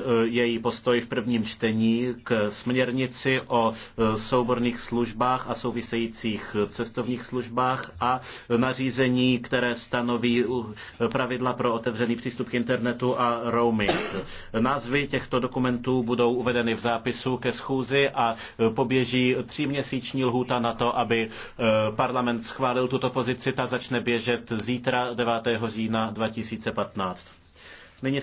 Eh, její postoj v prvním čtení k směrnici o eh, souborných službách a souvisejících cestovních službách a nařízení, které stanoví eh, pravidla pro otevřený přístup k internetu a roaming. Názvy těchto dokumentů budou uvedeny v zápisu ke schůzi a poběží tříměsíční lhůta na to, aby parlament schválil tuto pozici. Ta začne běžet zítra 9. října 2015.